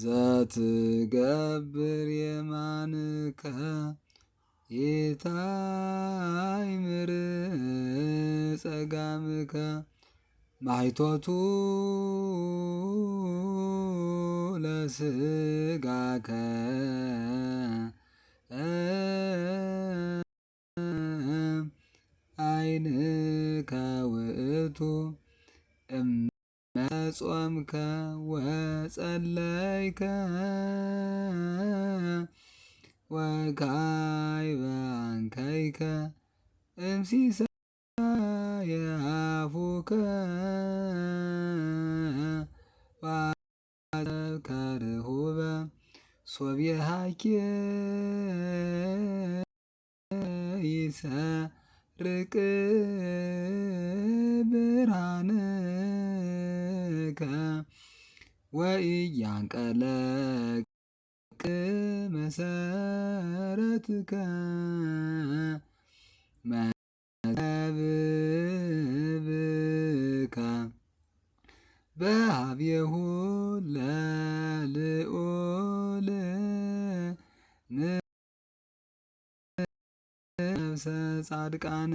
ዘትገብር የማንከ ምር ጸጋምከ ማይቶቱ ለስጋከ وصمك وصليك وكعيب عنكيك امسيسا يعفوك وذكرهما سا ركب برهانك ከ ወኢያንቀለቅ መሰረትከ መዝገብከ በአብየሁ ለልዑል ነፍሰ ጻድቃን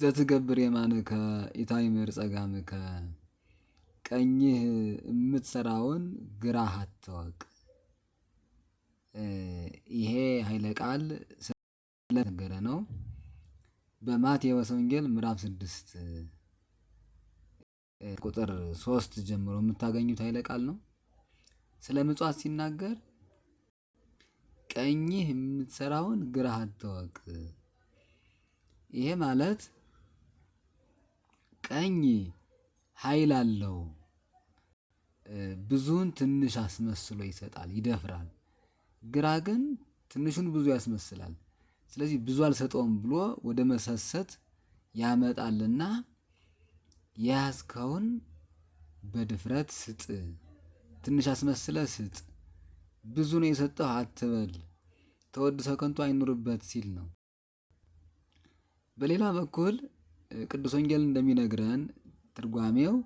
ዘትገብር የማንከ ኢታይምር ጸጋምከ ቀኝህ የምትሰራውን ግራህ አትወቅ። ይሄ ኃይለ ቃል ስለተነገረ ነው። በማቴዎስ ወንጌል ምዕራፍ ስድስት ቁጥር ሶስት ጀምሮ የምታገኙት ኃይለ ቃል ነው። ስለ ምጽዋት ሲናገር ቀኝህ የምትሰራውን ግራህ አትወቅ። ይሄ ማለት ቀኝ ኃይል አለው። ብዙን ትንሽ አስመስሎ ይሰጣል ይደፍራል። ግራ ግን ትንሹን ብዙ ያስመስላል። ስለዚህ ብዙ አልሰጠውም ብሎ ወደ መሰሰት ያመጣልና የያዝከውን በድፍረት ስጥ። ትንሽ አስመስለ ስጥ። ብዙ ነው የሰጠው አትበል። ተወድሰው ከንቱ አይኑርበት ሲል ነው። በሌላ በኩል ቅዱስ ወንጌል እንደሚነግረን ትርጓሜው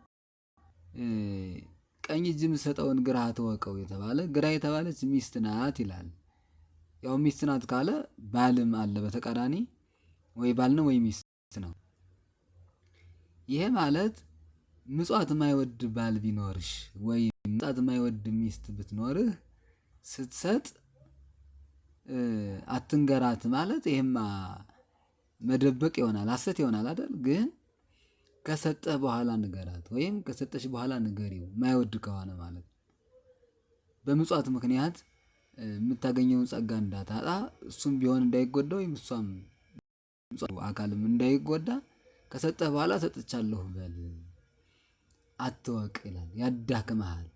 ቀኝ እጅ የምትሰጠውን ግራ ተወቀው የተባለ ግራ የተባለች ሚስት ናት ይላል። ያው ሚስት ናት ካለ ባልም አለ በተቃራኒ ወይ ባል ነው ወይ ሚስት ነው። ይሄ ማለት ምጽዋት የማይወድ ባል ቢኖርሽ ወይ ምጽዋት የማይወድ ሚስት ብትኖርህ ስትሰጥ አትንገራት ማለት ይሄማ መደበቅ ይሆናል፣ ሐሰት ይሆናል አይደል? ግን ከሰጠ በኋላ ንገራት ወይም ከሰጠሽ በኋላ ንገሪው፣ ማይወድ ከሆነ ማለት በምጽዋት ምክንያት የምታገኘውን ጸጋ እንዳታጣ እሱም ቢሆን እንዳይጎዳ ወይም እሷም አካልም እንዳይጎዳ ከሰጠ በኋላ ሰጥቻለሁ በል። አትወቅ ይላል። ያዳክመሃል።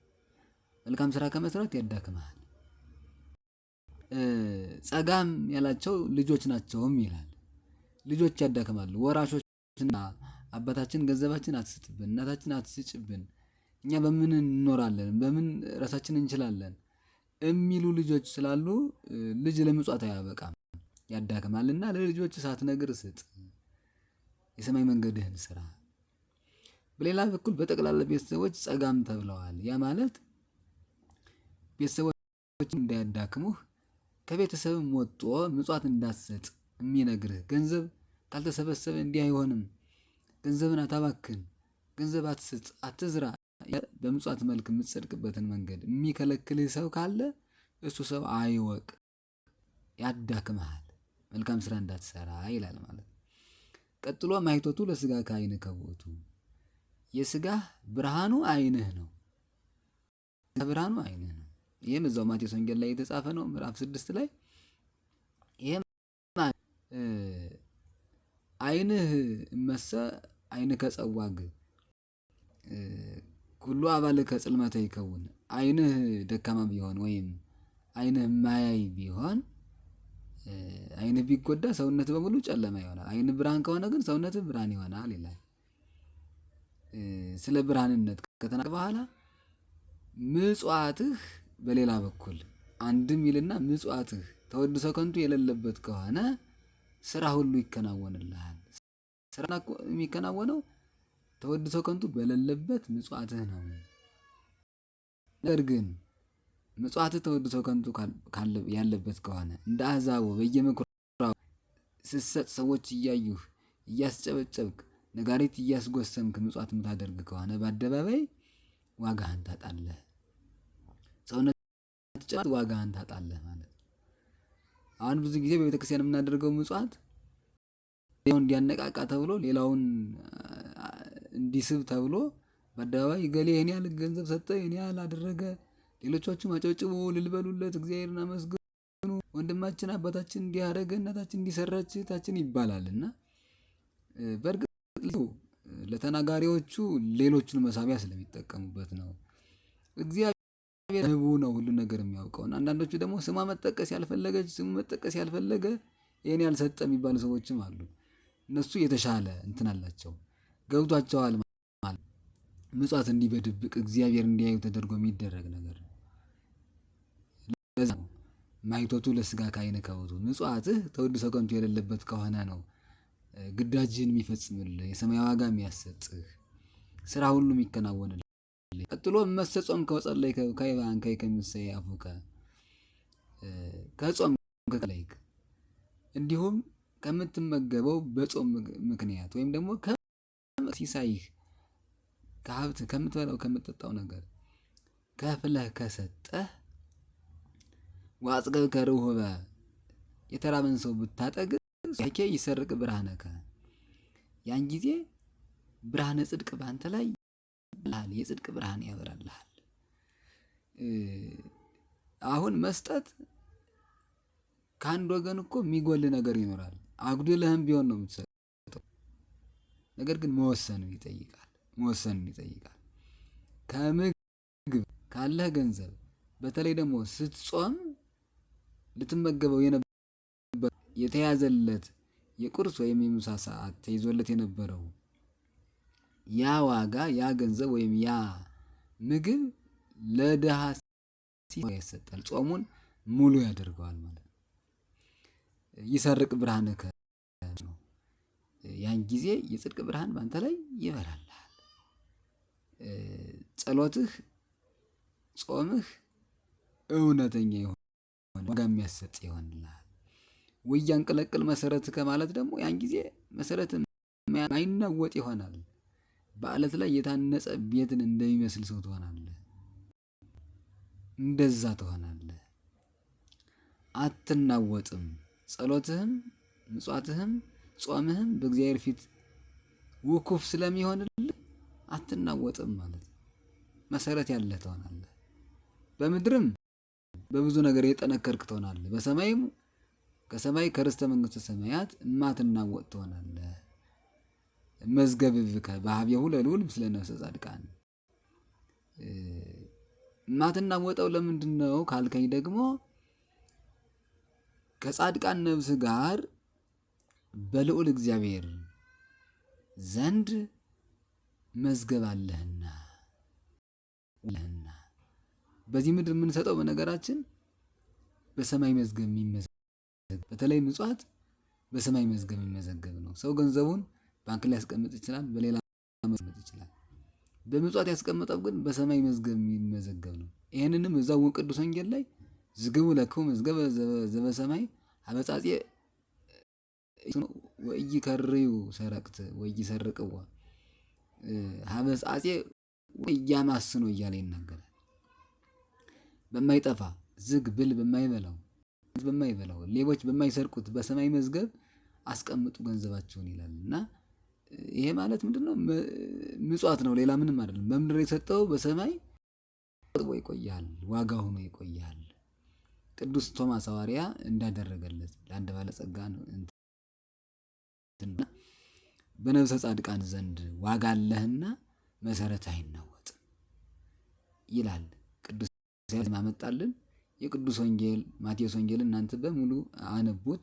መልካም ስራ ከመስራት ያዳክመሃል። ጸጋም ያላቸው ልጆች ናቸውም ይላል። ልጆች ያዳክማሉ። ወራሾችና አባታችን ገንዘባችን አትስጥብን፣ እናታችን አትስጭብን፣ እኛ በምን እንኖራለን፣ በምን ራሳችን እንችላለን የሚሉ ልጆች ስላሉ ልጅ ለመጽዋት አያበቃም ያዳክማልና፣ ለልጆች ሳትነግር ስጥ፣ የሰማይ መንገድህን ስራ። በሌላ በኩል በጠቅላላ ቤተሰቦች ጸጋም ተብለዋል። ያ ማለት ቤተሰቦች እንዳያዳክሙህ ከቤተሰብም ወጥቶ ምጽዋት እንዳትሰጥ የሚነግርህ። ገንዘብ ካልተሰበሰበ እንዲህ አይሆንም፣ ገንዘብን አታባክን፣ ገንዘብ አትስጥ፣ አትዝራ በምጽዋት መልክ የምትጸድቅበትን መንገድ የሚከለክልህ ሰው ካለ እሱ ሰው አይወቅ፣ ያዳክመሃል፣ መልካም ስራ እንዳትሰራ ይላል ማለት ነው። ቀጥሎ ማይቶቱ ለስጋ ከአይን ከቦቱ የስጋህ ብርሃኑ አይንህ ነው። ብርሃኑ አይንህ ነው። ይህም እዛው ማቴዎስ ወንጌል ላይ የተጻፈ ነው ምዕራፍ ስድስት ላይ አይንህ እመሰ አይንከ ጸዋግ ኩሉ አባልከ ጽልመተ ይከውን። አይንህ ደካማ ቢሆን ወይም አይንህ ማያይ ቢሆን አይንህ ቢጎዳ ሰውነት በሙሉ ጨለማ ይሆናል። አይን ብርሃን ከሆነ ግን ሰውነት ብርሃን ይሆናል ይላል። ስለ ብርሃንነት ከተናገረ በኋላ ምጽዋትህ በሌላ በኩል አንድም ይልና ምጽዋትህ ተወድሶ ከንቱ የሌለበት ከሆነ ስራ ሁሉ ይከናወንልሃል። ስራ የሚከናወነው ተወድሶ ከንቱ በሌለበት ምጽዋትህ ነው። ነገር ግን ምጽዋትህ ተወድሶ ከንቱ ያለበት ከሆነ እንደ አሕዛቡ በየምኩራ ስትሰጥ ሰዎች እያዩህ እያስጨበጨብክ ነጋሪት እያስጎሰምክ ምጽዋት የምታደርግ ከሆነ በአደባባይ ዋጋህን ታጣለህ። ሰውነት ጭራት ዋጋህን ታጣለህ ማለት አሁን ብዙ ጊዜ በቤተክርስቲያን የምናደርገው ምጽዋት እንዲያነቃቃ ተብሎ ሌላውን እንዲስብ ተብሎ በአደባባይ ገሌ ይህን ያህል ገንዘብ ሰጠ፣ ይህን ያህል አደረገ፣ ሌሎቻችሁም አጨብጭቡ፣ ልልበሉለት፣ እግዚአብሔርን አመስግኑ፣ ወንድማችን አባታችን እንዲያደረገ፣ እናታችን እንዲሰራች ታችን ይባላል እና በእርግጥ ለተናጋሪዎቹ ሌሎቹን መሳቢያ ስለሚጠቀሙበት ነው። እግዚአብሔር ህቡ ነው ሁሉ ነገር የሚያውቀውን። አንዳንዶቹ ደግሞ ስማ መጠቀስ ያልፈለገ ስሙ መጠቀስ ያልፈለገ ይህን ያልሰጠ የሚባሉ ሰዎችም አሉ። እነሱ የተሻለ እንትን አላቸው ገብቷቸዋል። ማለት ምጽዋት እንዲህ በድብቅ እግዚአብሔር እንዲያዩ ተደርጎ የሚደረግ ነገር ነው። ማይቶቱ ለስጋ ካይነ ከውቱ ምጽዋትህ ተወዱ ሰው የሌለበት ከሆነ ነው ግዳጅህን የሚፈጽምልህ የሰማይ ዋጋ የሚያሰጥህ ስራ ሁሉ የሚከናወንልህ ቀጥሎ መሰጾም ከወጸለይ ከይባንከይ ከምሰይ አፉከ ከጾም ከለይክ እንዲሁም ከምትመገበው በጾም ምክንያት ወይም ደግሞ ከሲሳይህ ከሀብት ከምትበላው ከምትጠጣው ነገር ከፍለህ ከሰጠህ ዋጽገብ ከርሁበ የተራበን ሰው ብታጠግ ይሰርቅ ብርሃነከ ያን ጊዜ ብርሃነ ጽድቅ በአንተ ላይ ብርሃን የጽድቅ ብርሃን ያበራልሃል። አሁን መስጠት ከአንድ ወገን እኮ የሚጎል ነገር ይኖራል። አጉድለህም ቢሆን ነው የምትሰጠው። ነገር ግን መወሰንን ይጠይቃል። መወሰንን ይጠይቃል። ከምግብ ካለህ ገንዘብ በተለይ ደግሞ ስትጾም ልትመገበው የነበረ የተያዘለት የቁርስ ወይም የምሳ ሰዓት ተይዞለት የነበረው ያ ዋጋ ያ ገንዘብ ወይም ያ ምግብ ለድሃ ይሰጣል። ጾሙን ሙሉ ያደርገዋል ማለት ነው። ይሰርቅ ብርሃን ነው። ያን ጊዜ የጽድቅ ብርሃን በአንተ ላይ ይበራልሃል። ጸሎትህ፣ ጾምህ እውነተኛ የሆነ ዋጋ የሚያሰጥ ይሆንልሃል። ወያንቅለቅል መሰረት ከማለት ደግሞ ያን ጊዜ መሰረት ማይናወጥ ይሆናል። በአለት ላይ የታነጸ ቤትን እንደሚመስል ሰው ትሆናለህ። እንደዛ ትሆናለህ። አትናወጥም። ጸሎትህም ምጽዋትህም ጾምህም በእግዚአብሔር ፊት ውኩፍ ስለሚሆንልህ አትናወጥም ማለት ነው። መሰረት ያለህ ትሆናለህ። በምድርም በብዙ ነገር የጠነከርክ ትሆናለህ። በሰማይም ከሰማይ ከርስተ መንግስተ ሰማያት እማትናወጥ ትሆናለህ። መዝገብብከ በሀቤሁ ለልዑል ምስለ ነፍሰ ጻድቃን ማትና ወጣው ለምንድን ነው ካልከኝ ደግሞ ከጻድቃን ነብስ ጋር በልዑል እግዚአብሔር ዘንድ መዝገብ አለህና በዚህ ምድር የምንሰጠው በነገራችን በሰማይ መዝገብ የሚመዘገብ በተለይ ምጽዋት በሰማይ መዝገብ የሚመዘገብ ነው። ሰው ገንዘቡን ባንክ ላይ ያስቀምጥ ይችላል፣ በሌላ መቀመጥ ይችላል። በምጽዋት ያስቀምጠው ግን በሰማይ መዝገብ የሚመዘገብ ነው። ይህንንም እዛው ቅዱስ ወንጌል ላይ ዝግቡ ለክሙ መዝገበ ዘበሰማይ አበጻጼ ወእይ ከርዩ ሰረቅት ወእይ ሰርቅዋ ሀበጻጼ እያማስኖ እያለ ይናገራል። በማይጠፋ ዝግ ብል በማይበላው በማይበላው ሌቦች በማይሰርቁት በሰማይ መዝገብ አስቀምጡ ገንዘባቸውን ይላል እና ይሄ ማለት ምንድን ነው? ምጽዋት ነው፣ ሌላ ምንም አይደለም። በምድር የሰጠው በሰማይ ጥቦ ይቆያል፣ ዋጋ ሆኖ ይቆያል። ቅዱስ ቶማስ ሐዋርያ እንዳደረገለት ለአንድ ባለጸጋ በነብሰ ጻድቃን ዘንድ ዋጋ አለህና መሰረት አይናወጥ ይላል ቅዱስ ማመጣልን የቅዱስ ወንጌል ማቴዎስ ወንጌልን እናንተ በሙሉ አነቡት።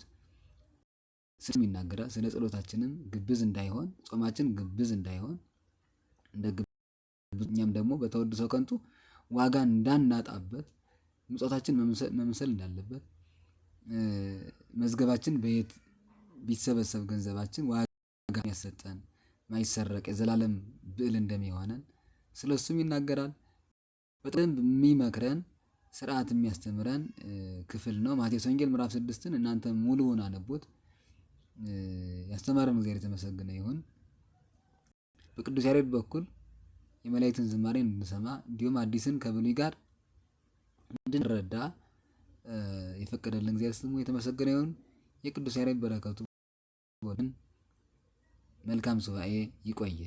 ስም ይናገራል። ስለ ጸሎታችንም ግብዝ እንዳይሆን ጾማችን ግብዝ እንዳይሆን እንደ ግብዝ እኛም ደግሞ በተወድሶ ከንቱ ዋጋ እንዳናጣበት ምጽዋታችን መምሰል እንዳለበት መዝገባችን በየት ቢሰበሰብ ገንዘባችን ዋጋ ያሰጠን ማይሰረቅ የዘላለም ብዕል እንደሚሆነን ስለ እሱም ይናገራል። በጣም የሚመክረን ስርዓት የሚያስተምረን ክፍል ነው። ማቴዎስ ወንጌል ምዕራፍ ስድስትን እናንተ ሙሉውን አነቡት። ያስተማረን እግዚአብሔር የተመሰገነ ይሁን። በቅዱስ ያሬድ በኩል የመላእክትን ዝማሬ እንድንሰማ እንዲሁም አዲስን ከብሉይ ጋር እንድንረዳ የፈቀደልን እግዚአብሔር ስሙ የተመሰገነ ይሁን። የቅዱስ ያሬድ በረከቱ መልካም ሱባኤ ይቆየ።